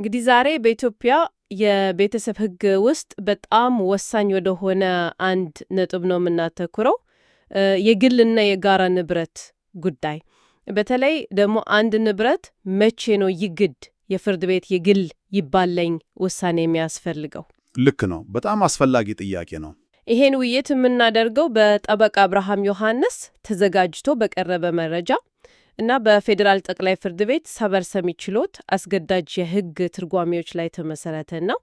እንግዲህ ዛሬ በኢትዮጵያ የቤተሰብ ሕግ ውስጥ በጣም ወሳኝ ወደሆነ አንድ ነጥብ ነው የምናተኩረው፣ የግልና የጋራ ንብረት ጉዳይ። በተለይ ደግሞ አንድ ንብረት መቼ ነው ይግድ የፍርድ ቤት የግል ይባለኝ ውሳኔ የሚያስፈልገው? ልክ ነው። በጣም አስፈላጊ ጥያቄ ነው። ይሄን ውይይት የምናደርገው በጠበቃ አብርሃም ዮሐንስ ተዘጋጅቶ በቀረበ መረጃ እና በፌዴራል ጠቅላይ ፍርድ ቤት ሰበር ሰሚ ችሎት አስገዳጅ የህግ ትርጓሚዎች ላይ ተመሰረተ ነው።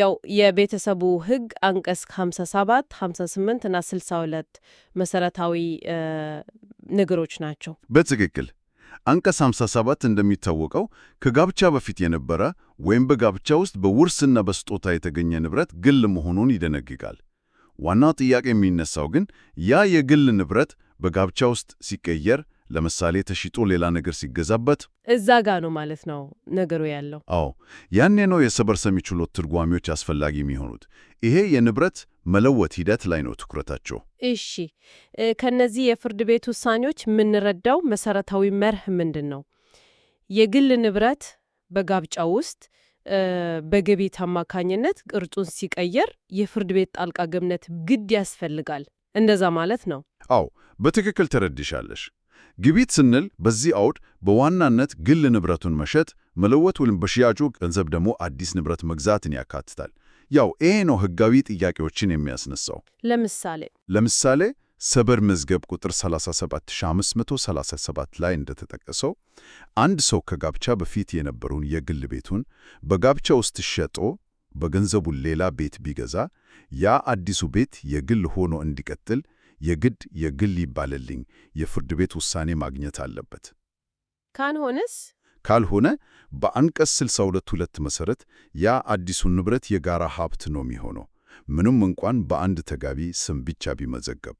ያው የቤተሰቡ ህግ አንቀስ 57፣ 58 እና 62 መሰረታዊ ነገሮች ናቸው። በትክክል አንቀስ 57 እንደሚታወቀው ከጋብቻ በፊት የነበረ ወይም በጋብቻ ውስጥ በውርስና በስጦታ የተገኘ ንብረት ግል መሆኑን ይደነግጋል። ዋናው ጥያቄ የሚነሳው ግን ያ የግል ንብረት በጋብቻ ውስጥ ሲቀየር ለምሳሌ ተሽጦ ሌላ ነገር ሲገዛበት እዛ ጋ ነው ማለት ነው ነገሩ ያለው። አዎ ያኔ ነው የሰበር ሰሚ ችሎት ትርጓሚዎች አስፈላጊ የሚሆኑት። ይሄ የንብረት መለወት ሂደት ላይ ነው ትኩረታቸው። እሺ፣ ከነዚህ የፍርድ ቤት ውሳኔዎች የምንረዳው መሰረታዊ መርህ ምንድን ነው? የግል ንብረት በጋብቻ ውስጥ በገቢት አማካኝነት ቅርጹን ሲቀየር የፍርድ ቤት ጣልቃ ገብነት ግድ ያስፈልጋል። እንደዛ ማለት ነው? አዎ፣ በትክክል ተረድሻለሽ። ግቢት ስንል በዚህ አውድ በዋናነት ግል ንብረቱን መሸጥ፣ መለወጥ ወይም በሽያጩ ገንዘብ ደግሞ አዲስ ንብረት መግዛትን ያካትታል። ያው ይሄ ነው ህጋዊ ጥያቄዎችን የሚያስነሳው። ለምሳሌ ለምሳሌ ሰበር መዝገብ ቁጥር 37537 ላይ እንደተጠቀሰው አንድ ሰው ከጋብቻ በፊት የነበረውን የግል ቤቱን በጋብቻ ውስጥ ሸጦ በገንዘቡ ሌላ ቤት ቢገዛ ያ አዲሱ ቤት የግል ሆኖ እንዲቀጥል የግድ የግል ይባልልኝ የፍርድ ቤት ውሳኔ ማግኘት አለበት። ካልሆነስ ካልሆነ በአንቀጽ 622 መሠረት ያ አዲሱ ንብረት የጋራ ሀብት ነው የሚሆነው ምንም እንኳን በአንድ ተጋቢ ስም ብቻ ቢመዘገብ።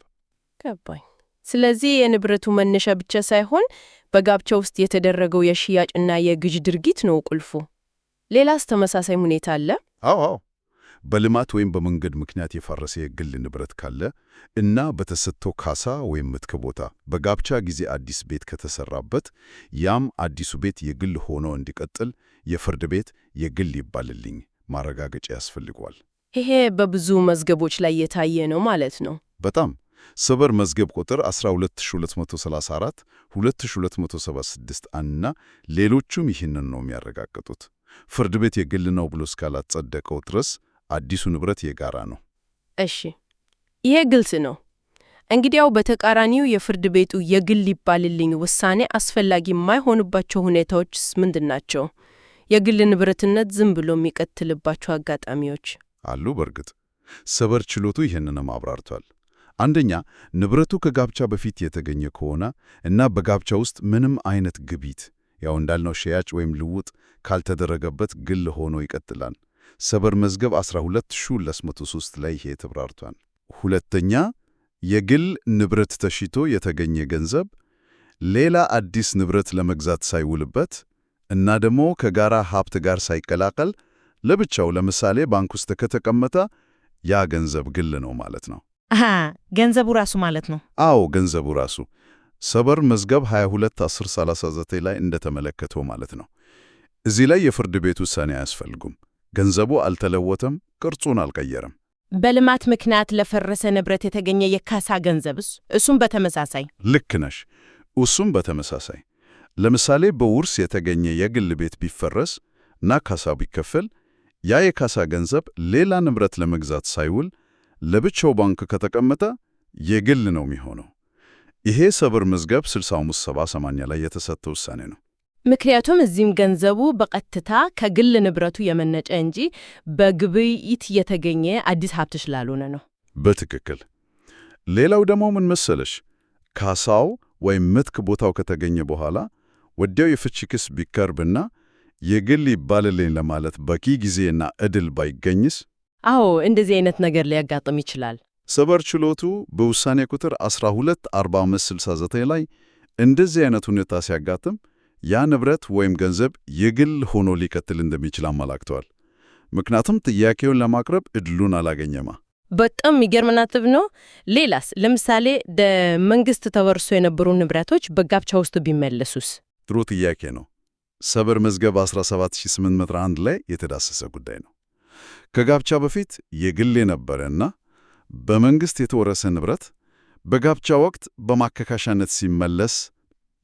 ገባኝ። ስለዚህ የንብረቱ መነሻ ብቻ ሳይሆን በጋብቻ ውስጥ የተደረገው የሽያጭና የግዥ ድርጊት ነው ቁልፉ። ሌላስ ተመሳሳይ ሁኔታ አለ? አዎ አዎ በልማት ወይም በመንገድ ምክንያት የፈረሰ የግል ንብረት ካለ እና በተሰጥቶ ካሳ ወይም ምትክ ቦታ በጋብቻ ጊዜ አዲስ ቤት ከተሰራበት ያም አዲሱ ቤት የግል ሆኖ እንዲቀጥል የፍርድ ቤት የግል ይባልልኝ ማረጋገጫ ያስፈልገዋል። ይሄ በብዙ መዝገቦች ላይ የታየ ነው ማለት ነው። በጣም ሰበር መዝገብ ቁጥር 12234፣ 2276 እና ሌሎቹም ይህንን ነው የሚያረጋግጡት። ፍርድ ቤት የግል ነው ብሎ እስካላጸደቀው ድረስ አዲሱ ንብረት የጋራ ነው። እሺ፣ ይሄ ግልጽ ነው። እንግዲያው በተቃራኒው የፍርድ ቤቱ የግል ይባልልኝ ውሳኔ አስፈላጊ የማይሆኑባቸው ሁኔታዎችስ ምንድን ናቸው? የግል ንብረትነት ዝም ብሎ የሚቀጥልባቸው አጋጣሚዎች አሉ። በእርግጥ ሰበር ችሎቱ ይህንንም አብራርቷል። አንደኛ ንብረቱ ከጋብቻ በፊት የተገኘ ከሆነ እና በጋብቻ ውስጥ ምንም አይነት ግቢት ያው እንዳልነው ሸያጭ ወይም ልውጥ ካልተደረገበት ግል ሆኖ ይቀጥላል። ሰበር መዝገብ 12023 ላይ ይሄ ተብራርቷል። ሁለተኛ የግል ንብረት ተሽቶ የተገኘ ገንዘብ ሌላ አዲስ ንብረት ለመግዛት ሳይውልበት እና ደግሞ ከጋራ ሀብት ጋር ሳይቀላቀል ለብቻው ለምሳሌ ባንክ ውስጥ ከተቀመጠ ያ ገንዘብ ግል ነው ማለት ነው። ገንዘቡ ራሱ ማለት ነው። አዎ ገንዘቡ ራሱ ሰበር መዝገብ 221039 ላይ እንደተመለከተው ማለት ነው። እዚህ ላይ የፍርድ ቤት ውሳኔ አያስፈልጉም። ገንዘቡ አልተለወተም፣ ቅርጹን አልቀየረም። በልማት ምክንያት ለፈረሰ ንብረት የተገኘ የካሳ ገንዘብስ? እሱም በተመሳሳይ ልክ ነሽ። እሱም በተመሳሳይ ለምሳሌ በውርስ የተገኘ የግል ቤት ቢፈረስ እና ካሳ ቢከፈል ያ የካሳ ገንዘብ ሌላ ንብረት ለመግዛት ሳይውል ለብቻው ባንክ ከተቀመጠ የግል ነው የሚሆነው። ይሄ ሰብር መዝገብ 6578 ላይ የተሰጠ ውሳኔ ነው። ምክንያቱም እዚህም ገንዘቡ በቀጥታ ከግል ንብረቱ የመነጨ እንጂ በግብይት የተገኘ አዲስ ሀብት ስላልሆነ ነው። በትክክል። ሌላው ደግሞ ምን መሰለሽ፣ ካሳው ወይም ምትክ ቦታው ከተገኘ በኋላ ወዲያው የፍቺ ክስ ቢቀርብና የግል ይባልልኝ ለማለት በቂ ጊዜና እድል ባይገኝስ? አዎ፣ እንደዚህ አይነት ነገር ሊያጋጥም ይችላል። ሰበር ችሎቱ በውሳኔ ቁጥር 124569 ላይ እንደዚህ አይነት ሁኔታ ሲያጋጥም ያ ንብረት ወይም ገንዘብ የግል ሆኖ ሊቀጥል እንደሚችል አመላክተዋል። ምክንያቱም ጥያቄውን ለማቅረብ እድሉን አላገኘማ። በጣም የሚገርም ነጥብ ነው። ሌላስ? ለምሳሌ መንግስት ተወርሶ የነበሩ ንብረቶች በጋብቻ ውስጥ ቢመለሱስ? ጥሩ ጥያቄ ነው። ሰበር መዝገብ 17801 ላይ የተዳሰሰ ጉዳይ ነው። ከጋብቻ በፊት የግል የነበረና በመንግስት የተወረሰ ንብረት በጋብቻ ወቅት በማከካሻነት ሲመለስ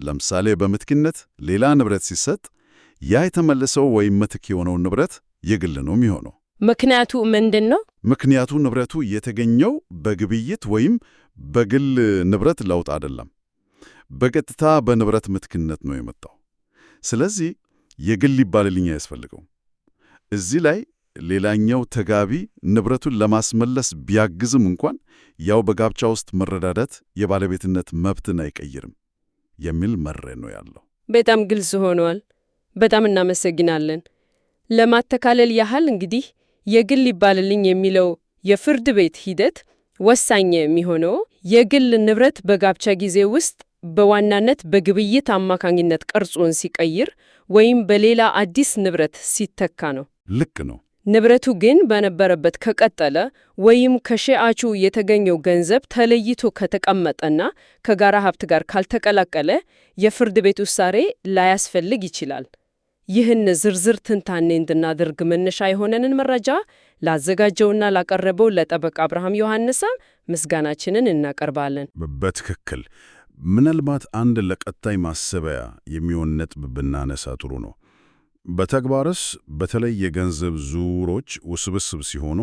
ለምሳሌ በምትክነት ሌላ ንብረት ሲሰጥ ያ የተመለሰው ወይም ምትክ የሆነው ንብረት የግል ነው የሚሆነው። ምክንያቱ ምንድን ነው? ምክንያቱ ንብረቱ የተገኘው በግብይት ወይም በግል ንብረት ለውጥ አይደለም፣ በቀጥታ በንብረት ምትክነት ነው የመጣው። ስለዚህ የግል ይባልልኝ አያስፈልገው። እዚህ ላይ ሌላኛው ተጋቢ ንብረቱን ለማስመለስ ቢያግዝም እንኳን ያው በጋብቻ ውስጥ መረዳዳት የባለቤትነት መብትን አይቀይርም። የሚል መሬ ነው ያለው። በጣም ግልጽ ሆኗል በጣም እናመሰግናለን። ለማተካለል ያህል እንግዲህ የግል ይባልልኝ የሚለው የፍርድ ቤት ሂደት ወሳኝ የሚሆነው የግል ንብረት በጋብቻ ጊዜ ውስጥ በዋናነት በግብይት አማካኝነት ቅርጹን ሲቀይር ወይም በሌላ አዲስ ንብረት ሲተካ ነው። ልክ ነው። ንብረቱ ግን በነበረበት ከቀጠለ ወይም ከሸአቹ የተገኘው ገንዘብ ተለይቶ ከተቀመጠና ከጋራ ሀብት ጋር ካልተቀላቀለ የፍርድ ቤት ውሳኔ ላያስፈልግ ይችላል። ይህን ዝርዝር ትንታኔ እንድናደርግ መነሻ የሆነንን መረጃ ላዘጋጀውና ላቀረበው ለጠበቃ አብርሃም ዮሐንስ ምስጋናችንን እናቀርባለን። በትክክል ምናልባት አንድ ለቀጣይ ማሰቢያ የሚሆን ነጥብ ብናነሳ ጥሩ ነው። በተግባርስ በተለይ የገንዘብ ዝውውሮች ውስብስብ ሲሆኑ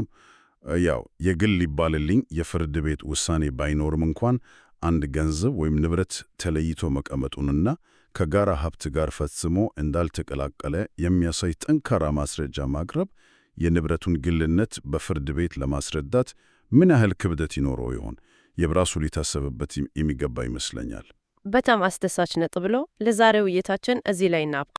ያው የግል ይባልልኝ የፍርድ ቤት ውሳኔ ባይኖርም እንኳን አንድ ገንዘብ ወይም ንብረት ተለይቶ መቀመጡንና ከጋራ ሀብት ጋር ፈጽሞ እንዳልተቀላቀለ የሚያሳይ ጠንካራ ማስረጃ ማቅረብ የንብረቱን ግልነት በፍርድ ቤት ለማስረዳት ምን ያህል ክብደት ይኖረው ይሆን? የብራሱ ሊታሰብበት የሚገባ ይመስለኛል። በጣም አስደሳች ነጥብ ብሎ ለዛሬው ውይይታችን እዚህ ላይ እናብቃ።